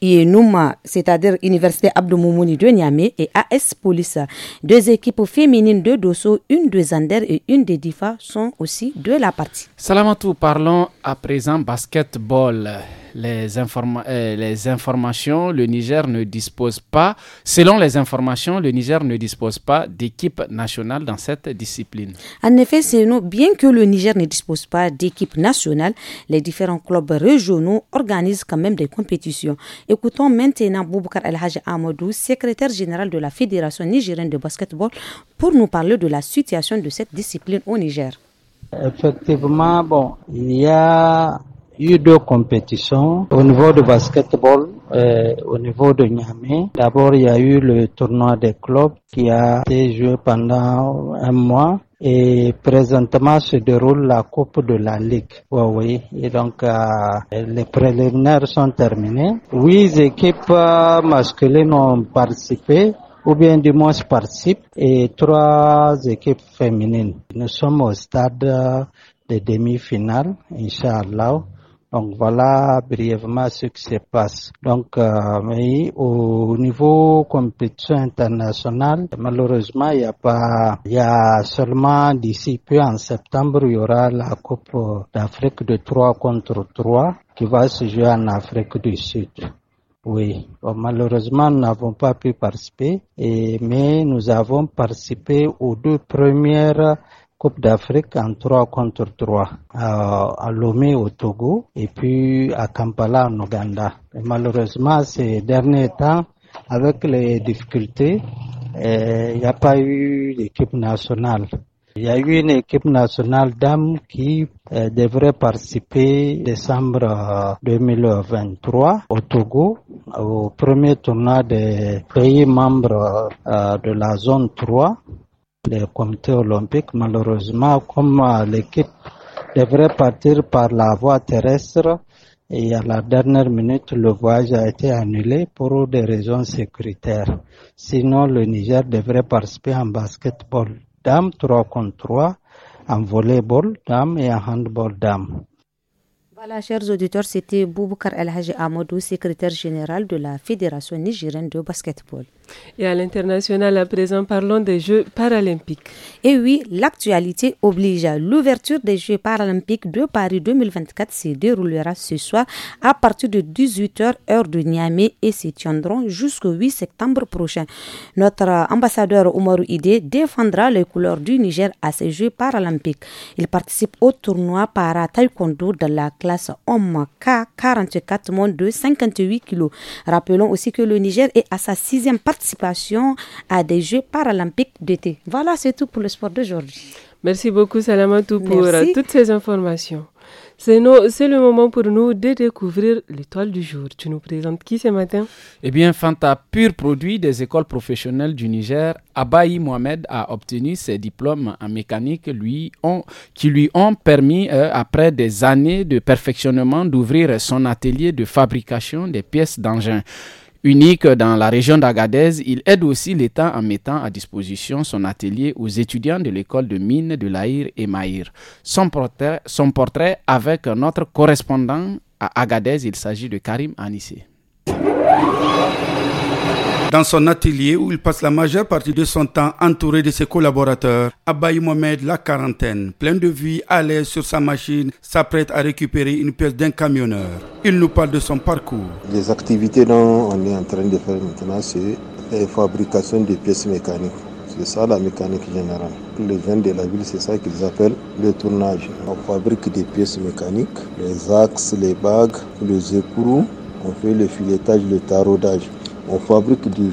IENUMA, c'est-à-dire Université Abdou Moumouni de Niamey et AS Police. Deux équipes féminines de Dosso, une de Zander et une de Difa sont aussi de la partie. Salamatou, parlons à présent basketball. Les, euh, les, informations, le Niger ne dispose pas, selon les informations, le Niger ne dispose pas d'équipe nationale dans cette discipline. En effet, nous, bien que le Niger ne dispose pas d'équipe nationale, les différents clubs régionaux organisent quand même des compétitions. Écoutons maintenant El Haji Amadou, secrétaire général de la Fédération nigérienne de basketball, pour nous parler de la situation de cette discipline au Niger. Effectivement, bon, il y a eu deux compétitions au niveau de basketball, euh, au niveau de Niamey. D'abord, il y a eu le tournoi des clubs qui a été joué pendant un mois et présentement se déroule la Coupe de la Ligue. Oui, oui. Et donc, euh, les préliminaires sont terminés. Huit équipes euh, masculines ont participé ou bien du moins participent et trois équipes féminines. Nous sommes au stade euh, de demi-finale, Inch'Allah. Donc voilà brièvement ce qui se passe. Donc euh, au niveau compétition internationale, malheureusement il y a pas, il y a seulement d'ici peu en septembre il y aura la Coupe d'Afrique de 3 contre 3 qui va se jouer en Afrique du Sud. Oui, malheureusement, nous n'avons pas pu participer, et, mais nous avons participé aux deux premières Coupe d'Afrique en 3 contre 3 à, Lomé au Togo et puis à Kampala en Ouganda. malheureusement, ces derniers temps, avec les difficultés, eh, il n'y a pas eu d'équipe nationale. Il y a eu une équipe nationale d'âme qui eh, devrait participer décembre 2023 euh, au Togo, au premier tournoi des pays membres euh, de la zone 3 le comités olympique, Malheureusement, comme euh, l'équipe devrait partir par la voie terrestre, et à la dernière minute, le voyage a été annulé pour des raisons sécuritaires. Sinon, le Niger devrait participer en basketball dame 3 contre 3, en volleyball dame et en handball dame. Voilà, chers auditeurs, c'était Bouboukar El Haji Amadou, secrétaire général de la Fédération nigérienne de basketball. Et à l'international, à présent, parlons des Jeux paralympiques. Et oui, l'actualité oblige. L'ouverture des Jeux paralympiques de Paris 2024 se déroulera ce soir à partir de 18h heure de Niamey et se tiendront jusqu'au 8 septembre prochain. Notre ambassadeur Omaru Ide défendra les couleurs du Niger à ces Jeux paralympiques. Il participe au tournoi para taekwondo de la classe homme K44 monde de 58 kg. Rappelons aussi que le Niger est à sa sixième participation à des Jeux paralympiques d'été. Voilà, c'est tout pour le sport d'aujourd'hui. Merci beaucoup, Salamatou, pour euh, toutes ces informations. C'est le moment pour nous de découvrir l'étoile du jour. Tu nous présentes qui ce matin Eh bien, Fanta Pur, produit des écoles professionnelles du Niger, Abayi Mohamed a obtenu ses diplômes en mécanique lui qui lui ont permis, euh, après des années de perfectionnement, d'ouvrir son atelier de fabrication des pièces d'engins. Unique dans la région d'Agadez, il aide aussi l'État en mettant à disposition son atelier aux étudiants de l'école de mines de l'Aïr et Maïr. Son portrait, son portrait avec notre correspondant à Agadez, il s'agit de Karim Anissé dans son atelier où il passe la majeure partie de son temps entouré de ses collaborateurs. Abay Mohamed, la quarantaine, plein de vie, à l'aise sur sa machine, s'apprête à récupérer une pièce d'un camionneur. Il nous parle de son parcours. Les activités dont on est en train de faire maintenant, c'est la fabrication des pièces mécaniques. C'est ça la mécanique générale. Les gens de la ville, c'est ça qu'ils appellent le tournage. On fabrique des pièces mécaniques, les axes, les bagues, les écrous. On fait le filetage, le taraudage on fabrique du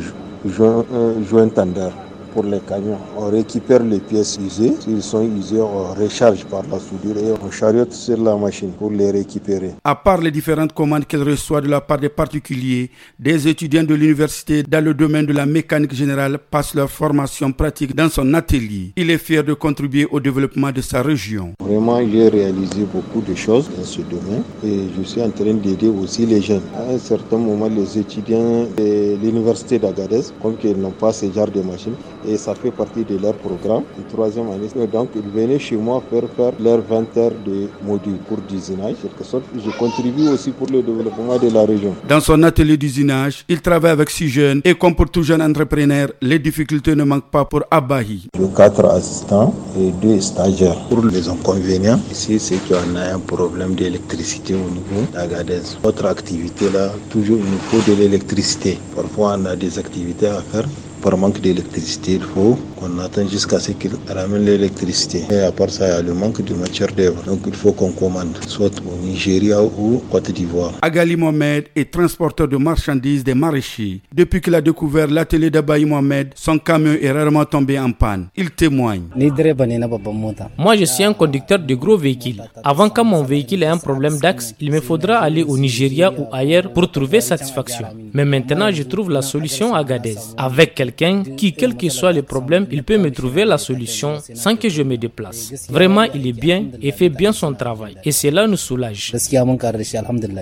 euh, joint, tendeur pour les camions. On récupère les pièces usées. S'ils sont usés, on recharge par la soudure et on chariote sur la machine pour les récupérer. À part les différentes commandes qu'elle reçoit de la part des particuliers, des étudiants de l'université dans le domaine de la mécanique générale passent leur formation pratique dans son atelier. Il est fier de contribuer au développement de sa région. Vraiment, j'ai réalisé beaucoup de choses dans ce domaine et je suis en train d'aider aussi les jeunes. À un certain moment, les étudiants de l'université d'Agadez, comme qu'ils n'ont pas ce genre de machines, et ça fait partie de leur programme. De troisième année, donc ils venaient chez moi faire faire leurs 20 heures de module pour d'usinage. Quelque sorte, je contribue aussi pour le développement de la région. Dans son atelier d'usinage, il travaille avec six jeunes et comme pour tout jeune entrepreneur, les difficultés ne manquent pas pour Abahi. J'ai quatre assistants et deux stagiaires. Pour les inconvénients, ici c'est qu'on a un problème d'électricité au niveau d'Agadez. Autre activité là, toujours il nous faut de l'électricité. Parfois on a des activités à faire par manque d'électricité, il faut qu'on attend jusqu'à ce qu'il ramène l'électricité. Et à part ça, il y a le manque de matière d'œuvre. Donc il faut qu'on commande, soit au Nigeria ou au Côte d'Ivoire. Agali Mohamed est transporteur de marchandises des maraîchers. Depuis qu'il a découvert l'atelier d'Abay Mohamed, son camion est rarement tombé en panne. Il témoigne. Moi, je suis un conducteur de gros véhicules. Avant que mon véhicule ait un problème d'axe, il me faudra aller au Nigeria ou ailleurs pour trouver satisfaction. Mais maintenant, je trouve la solution à Gadez. Avec quelqu'un qui, quel que soit le problème, il peut me trouver la solution sans que je me déplace. Vraiment, il est bien et fait bien son travail. Et cela nous soulage.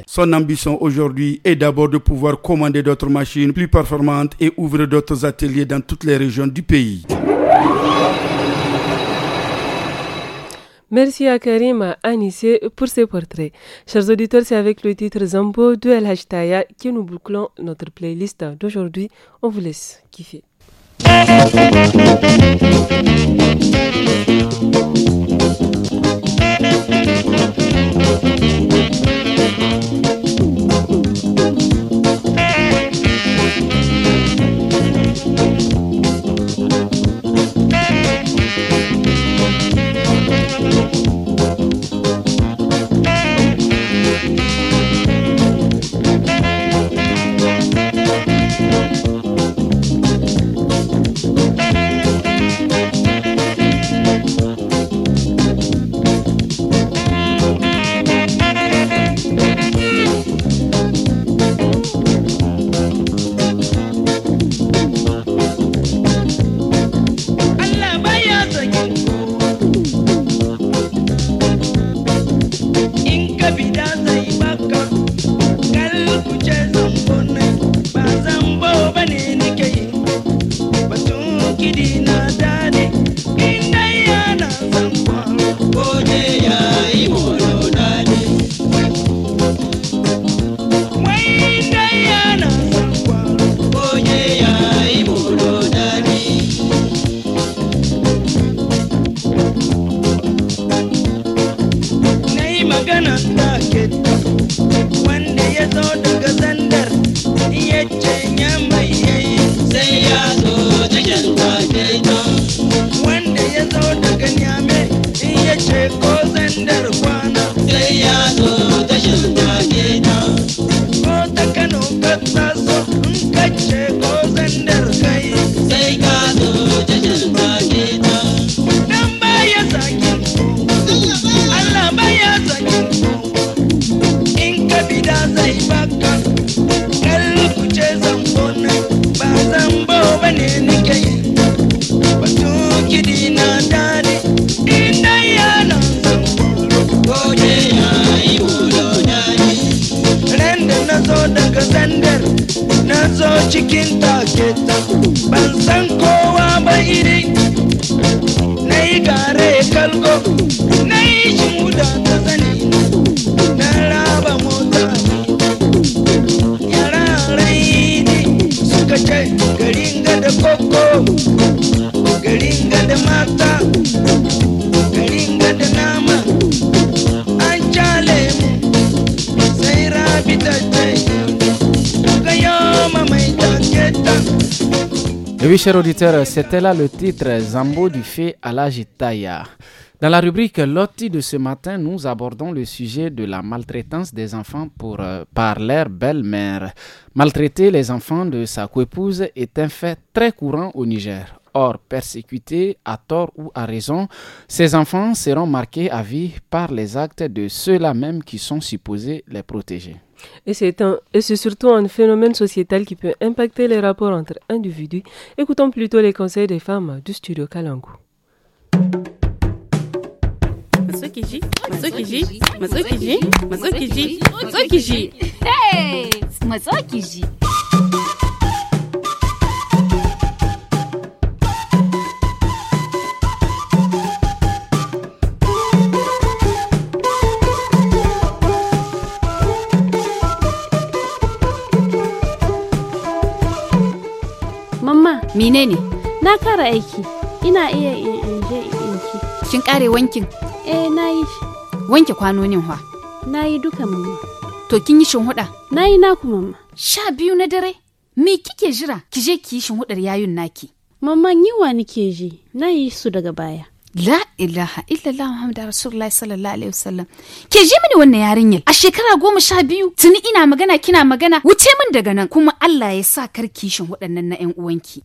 Son ambition aujourd'hui est d'abord de pouvoir commander d'autres machines plus performantes et ouvrir d'autres ateliers dans toutes les régions du pays. Merci à Karim Anissé pour ses portraits. Chers auditeurs, c'est avec le titre Zambo de El que nous bouclons notre playlist d'aujourd'hui. On vous laisse kiffer. chers auditeurs, c'était là le titre Zambo du fait à la Jitaya. Dans la rubrique Lotti de ce matin, nous abordons le sujet de la maltraitance des enfants pour, euh, par leur belle-mère. Maltraiter les enfants de sa coépouse est un fait très courant au Niger. Or, persécutés à tort ou à raison, ces enfants seront marqués à vie par les actes de ceux-là même qui sont supposés les protéger. Et c'est, un, et c'est surtout un phénomène sociétal qui peut impacter les rapports entre individus. Écoutons plutôt les conseils des femmes du studio Kalangu. Hey menene na kara aiki ina iya in je kin kare wankin eh na yi wanke kwanonin wa na yi duka mamma to kin yi shinhuda na yi naku mamma sha biyu na dare me kike jira ki je ki yi shinhudar yayun naki mamman yiwa nike ji na yi su daga baya la ilaha illallah muhammadu rasulullahi sallallahu alaihi wasallam ke ji mini wannan yarinyar a shekara goma sha biyu tuni ina magana kina magana wuce min daga nan kuma Allah ya sa kar kishin waɗannan na ƴan uwanki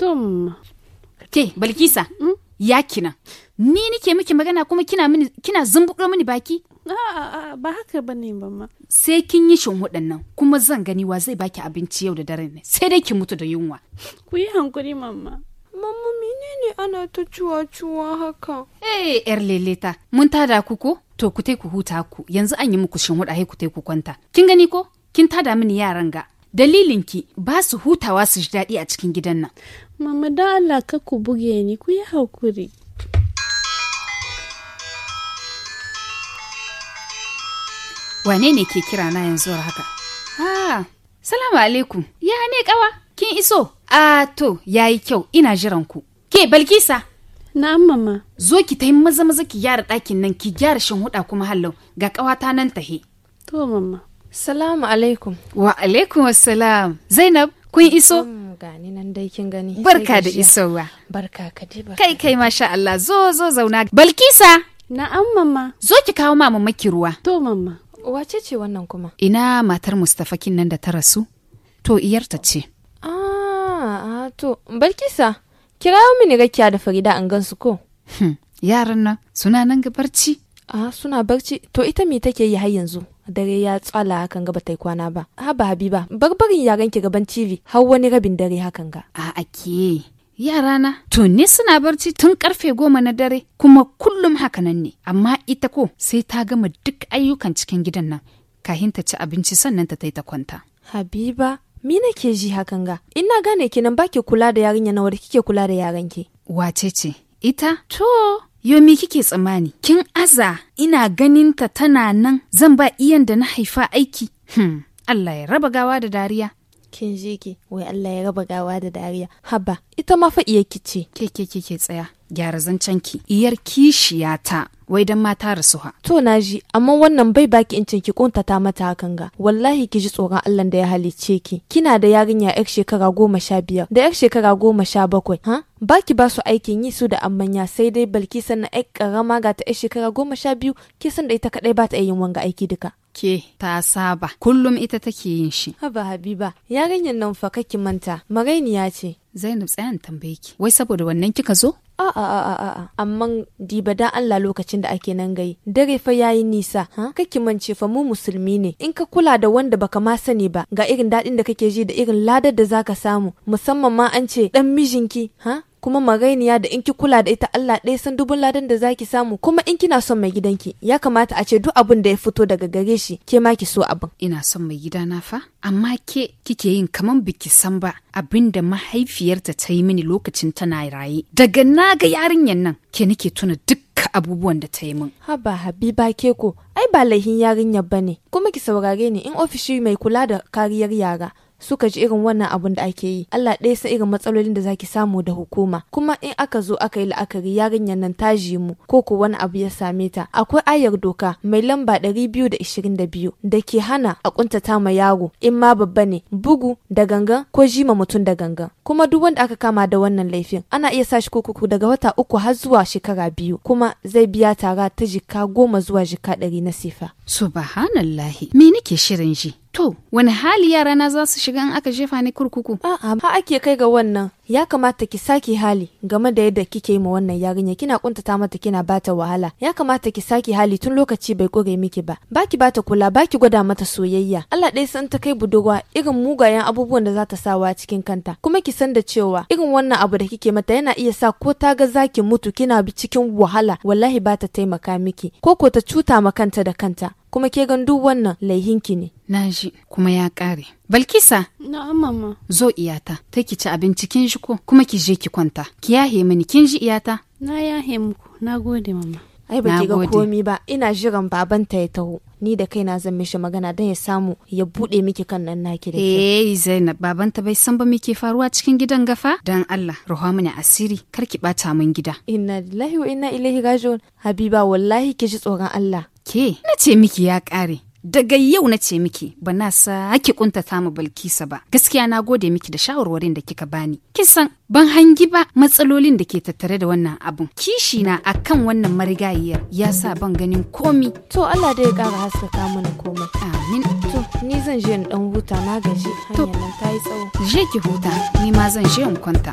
ke balkisa mm? ya kina ni nike miki magana kuma kina mini kina zumburo mini baki a'a ba haka ba ma. sai kin yi shin waɗannan kuma zan gani wa zai baki abinci yau da daren ne sai dai ki mutu da yunwa ku yi hankuri mamma mamma ne ana ta cuwa-cuwa haka? Eh, hey, yar leleta, mun tada ku ko? To ku ku huta ku, yanzu an yi muku shin huɗa ku ku kwanta. Kin gani ko? Kin tada mini yaran ga. Dalilinki ba su hutawa su ji daɗi a cikin gidan nan. Mama da Allah ka ku buge ni ku yi hakuri. Wane ne ke kira na yanzu haka? Ah, salamu alaikum. Ya ne kawa, kin iso? A to, yayi kyau, ina jiran ku. Ke Balkisa? Na mama. Zo ki ta yi maza maza ki gyara ɗakin nan, ki gyara shan huda kuma hallau ga ƙawata nan tahe. To mama. Salamu alaikum. Wa alaikum assalam. Zainab, kun iso? Mm, gani nan dai kin gani. Barka da isowa. Barka ka dai barka. Kai kai masha Allah, zo zo zauna. Balkisa. Na'am mama. Zo ki kawo mama maki ruwa. To mama. Wace ce wannan kuma? Ina matar Mustafa kin nan da ta rasu? To iyarta ce. To, sa kirawo mini rakiya da Farida an gansu ko? Hmm, yaran nan suna nan ga barci. a suna barci. To ita me take yi har yanzu? Dare ya tsala hakan ga bata kwana ba. Haba Habiba, barbarin yaran ki gaban TV har wani rabin dare hakan ga. A ake. na to ni suna barci tun karfe goma na dare kuma kullum hakanan ne. Amma ita ko sai ta gama duk ayyukan cikin gidan nan. Kahin ta ci abinci sannan ta ta kwanta. Habiba, mina nake ji hakan ga? Ina gane kinan baki kula da yarinya na wadda kike kula da yaranki. Wace ce? Ita? To, yomi kike tsammani? Kin aza ina ganin ta tana nan zan ba iyan da na haifa aiki. Hmm, Allah ya raba gawa da dariya. Kin ji ki, wai Allah ya raba gawa da dariya. Haba, ita ma fa iya kice. Ke ke ke ke tsaya. gyara ki. iyar kishiyata wai dan mata rasuha. To na ji, amma wannan bai baki in ki kuntata mata hakan ga. Wallahi ki ji tsoron Allah da ya halicce ki. Kina da yarinya yar shekara goma sha biyar da yar shekara goma sha bakwai. Ha? Baki ba su aikin yi su da amanya sai dai balki sannan yar karama ga ta yar shekara goma sha biyu ki san da ita kadai ba ta yin wanga aiki duka. ke ta saba kullum ita take yin shi. Haba Habiba, yarinyar nan fa kake manta, magainiya ce. Zainab tsayan tambaye ki, wai saboda wannan kika zo? A'a a'a a'a amma diba dan Allah lokacin da ake nan gai dare fa yayi nisa ha kake mance fa mu musulmi ne in ka kula da wanda baka ma sani ba ga irin dadin da kake ji da irin ladar da zaka samu musamman ma an ce dan mijinki ha kuma magainiya da in ki kula da ita Allah ɗaya san dubun ladan da zaki samu kuma in kina son mai gidanki ya kamata a ce duk abin da ya fito daga gare shi ke ma ki so abin ina son mai gida na fa amma ke kike yin kaman biki san ba abin da mahaifiyarta ta yi mini lokacin tana raye daga na ga yarinyar nan ke nake tuna dukkan abubuwan da ta yi min haba habiba ke ko ai ba laihin yarinyar ne. kuma ki saurare ni in ofishi mai kula da kariyar yara suka ji irin wannan abun da ake yi Allah ɗaya san irin matsalolin da zaki samu da hukuma kuma in aka zo aka yi la'akari yarinyar nan ta mu ko ko wani abu ya same ta akwai ayar doka mai lamba ɗari biyu da biyu ke hana a kuntata ma yaro in ma babba ne bugu da gangan ko jima mutum da gangan kuma duk wanda aka kama da wannan laifin ana iya sa shi kurkuku daga wata uku har zuwa shekara biyu kuma zai biya tara ta jika goma zuwa jika ɗari na sifa subhanallahi me nake shirin ji To, wani hali yarana za su shiga in aka jefa ni kurkuku? A'a, ha ake kai ga wannan. Ya kamata ki sake hali game da yadda kike yi ma wannan yarinya kina kuntata mata kina bata wahala. Ya kamata ki sake hali tun lokaci bai kore miki ba. Baki bata kula, baki gwada mata soyayya. Allah ɗaya san ta kai budurwa irin mugayen abubuwan da za ta sawa cikin kanta. Kuma ki san da cewa irin wannan abu da kike mata yana iya sa ko ta ga ki mutu kina cikin wahala wallahi ba ta taimaka miki ko ko ta cuta ma kanta da kanta. kuma ke gan duk wannan laihinki ne na ji kuma ya kare balkisa na'am mama zo iyata ta ki ci abinci kin shi ko kuma ki je ki kwanta ki yahe mini kin ji iyata na yahe muku na gode mama ai ba ga komi ba ina jiran babanta ya taho ni da kai na zan mishi magana don ya samu ya buɗe miki kan nan naki da eh Zainab babanta bai san ba me ke faruwa cikin gidan gafa dan Allah ruha mini asiri kar ki ɓata min gida inna lillahi wa inna ilaihi raji'un habiba wallahi ki ji tsoron Allah Ke, na ce miki ya ƙare. Daga yau na ce miki ba na ake kuntata mu Bilkisa ba. Gaskiya na gode miki da shawarwarin da kika bani. Kin san ban hangi ba matsalolin da ke tattare da wannan abun. Kishi na akan wannan marigayiyar ya sa ban ganin komi. To Allah dai ya kara haskaka mana komai. Amin. To ni zan je in dan huta na gaji. Hanyar nan ta yi tsawo. Je ki huta, ni ma zan je in kwanta.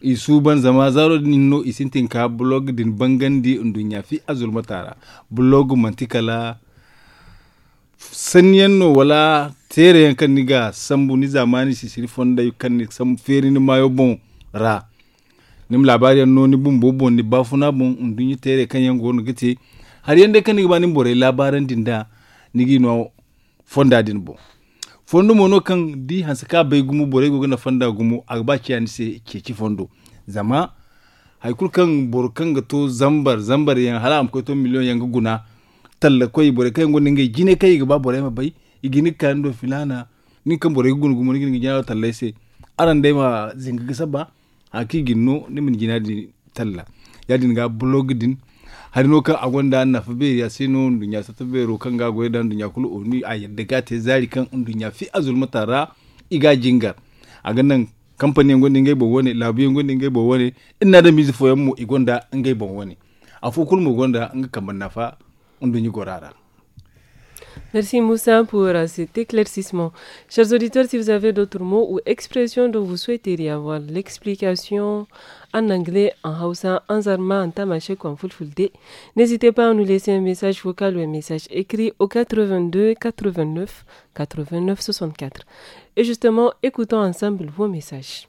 i suban zama zaro din no i sintin ka blog din bangandi ndunya fi azul matara blog mantikala sanyen no wala tere yan ni ga sambu ni zamani si siri da yukan ni sam feri ni mayo bon ra nim labari no ni bun bon ni bafuna bon ndunyi tere kan yango no gite har yanda kan ni ba ni bore labaran din da ni no fonda din bon fondo mono kan di ka bai gumu bore gogo na fanda gumu ki kiyani se ki fondo zama kul kan bor kan ga to zambar zambar yan hala am ko to million yan guna talla koy bore kan gonne ngai jine kai ga ba bore ma bai igini kan do filana ni kan bore gun gumu nin jina talla se aran dai ma zinga gisa ba ki ginno min jina di talla ya din ga blog din hari no kan agon na fabe ya sino dunya sa tabero kan ga goyi dunya kulu oni a yadda ga te zari kan dunya fi azul matara iga jingar a ganan kamfani ngon ngai bo woni labi ngon ngai bo woni ina da mizi foyan mu igonda ngai bo woni a fukul mu gonda ngai kaman nafa ndunya gorara Merci Moussa pour euh, cet éclaircissement. Chers auditeurs, si vous avez d'autres mots ou expressions dont vous souhaiteriez avoir l'explication en anglais, en hausa, en zarma, en tamaché, en fulfulde. N'hésitez pas à nous laisser un message vocal ou un message écrit au 82 89 89 64. Et justement, écoutons ensemble vos messages.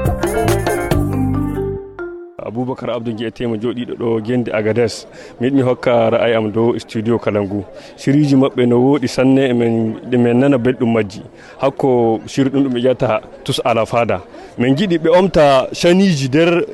abubakar abdul ya tema jodi do gendi agades mi mi hokka ra'ayi am do studio kalangu siriji mabbe no wodi sanne e men de men nana beldum majji hakko shirdum dum yata e tus ala fada men gidi be omta shaniji der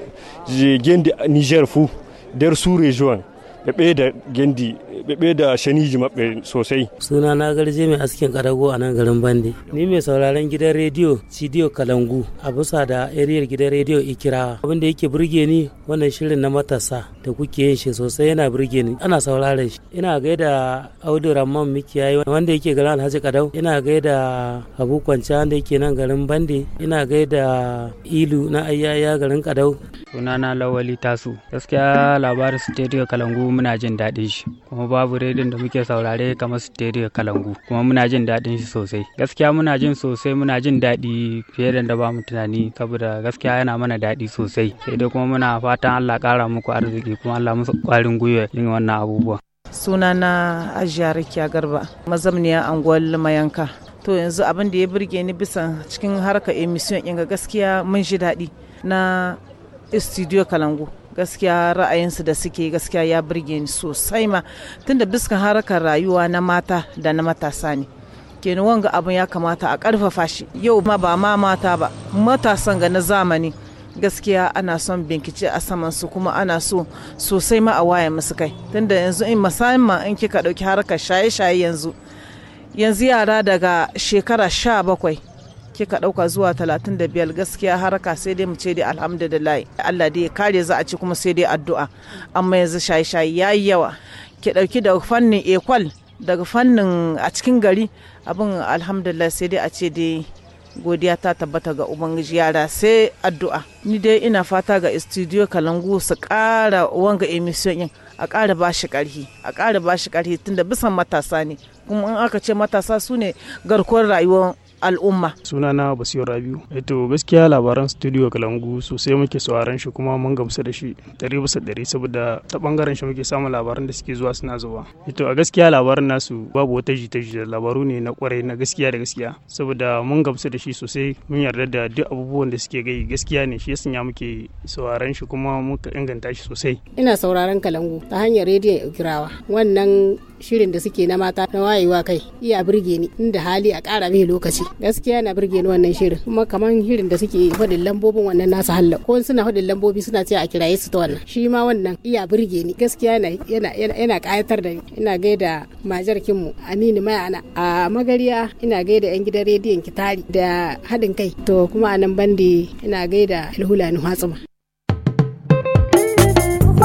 gendi niger fu der sous region be be da gendi bebe da shaniji maɓe sosai. Suna na garje mai askin karago a nan garin Bande. Ni mai sauraron gidan rediyo Cidiyo Kalangu a bisa da ariyar gidan rediyo Ikirawa. Abin da yake burge ni wannan shirin na matasa da kuke yin shi sosai yana burge ni. Ana sauraron shi. Ina gaida Audu Ramman Mikiya wanda yake garin Alhaji Kadau. Ina gaida Abu Kwanci wanda yake nan garin Bande. Ina gaida Ilu na Ayyaya garin Kadau. Sunana Lawali Tasu. Gaskiya labarin Studio Kalangu muna jin daɗin shi. Kuma babu redin da muke saurare kamar stereo kalangu kuma muna jin daɗin shi sosai gaskiya muna jin sosai muna jin daɗi fiye da ba mu tunani saboda gaskiya yana mana daɗi sosai sai dai kuma muna fatan Allah ƙara muku arziki kuma Allah musu ƙwarin gwiwa yin wannan abubuwa sunana ajiya rakiya garba mazamniya anguwar mayanka to yanzu abin da ya burge ni bisa cikin harka emission ɗin gaskiya mun ji daɗi na studio kalangu gaskiya ra'ayinsu da suke gaskiya ya burge ni sosai ma tunda biskan harkar rayuwa na mata da na matasa ne kenan wanga abin ya kamata a karfafa shi yau ma ba ma mata ba matasan ga na zamani gaskiya ana son binkice a saman su kuma ana so sosai ma a waye musu kai tunda yanzu in musamman in kika dauki harkar shaye-shaye yanzu yanzu yara daga shekara sha bakwai kika ɗauka zuwa talatin da biyar gaskiya haraka sai dai mu ce dai alhamdulillah Allah dai ya kare za a ci kuma sai dai addu'a amma yanzu shaye-shaye yi yawa ki ɗauki daga fannin ekwal daga fannin a cikin gari abin alhamdulillah sai dai a ce dai godiya ta tabbata ga ubangiji yara sai addu'a ni dai ina fata ga studio kalangu su ƙara wanga emission a ƙara ba shi ƙarfi a ƙara ba shi ƙarfi tunda bisan matasa ne kuma in aka ce matasa su ne garkuwar rayuwar al'umma. Sunana Basiru Rabiu. Eto eh gaskiya labaran studio Kalangu sosai muke sauraron shi kuma mun gamsu da shi dari bisa dari saboda ta bangaren shi muke samun labaran da suke zuwa suna zuwa. Eto eh a gaskiya labaran nasu babu wata jita jita labaru ne na kwarai na gaskiya da gaskiya saboda mun gamsu da shi sosai mun yarda da duk abubuwan da suke gai gaskiya ne shi yasa muke sauraron shi kuma muka inganta shi sosai. Ina sauraron Kalangu ta hanyar rediyon kirawa wannan shirin da suke na mata na wayewa kai iya birge ni inda hali a kara mai lokaci. gaskiya na birge ni wannan shirin kuma kaman shirin da suke faɗin lambobin wannan nasu halla ko suna faɗin lambobi suna cewa a kiraye su ta wannan shi ma wannan iya birge ni gaskiya yana yana yana kayatar da ni ina gaida majar kinmu Aminu mai ana a magariya ina gaida yan gidan rediyon kitari da haɗin kai to kuma a nan bandi ina gaida alhulani hatsuma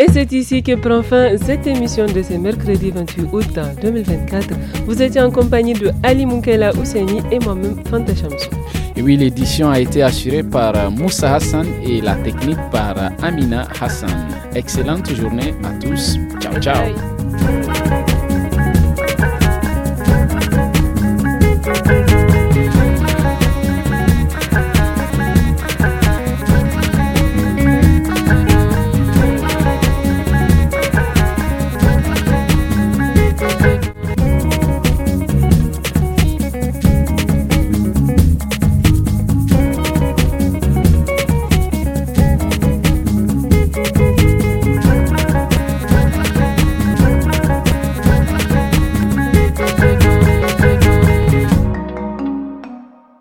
Et c'est ici que prend fin cette émission de ce mercredi 28 août 2024. Vous étiez en compagnie de Ali Moukela Ousseini et moi-même Fanta Chamsou. Oui, l'édition a été assurée par Moussa Hassan et la technique par Amina Hassan. Excellente journée à tous. Ciao, ciao.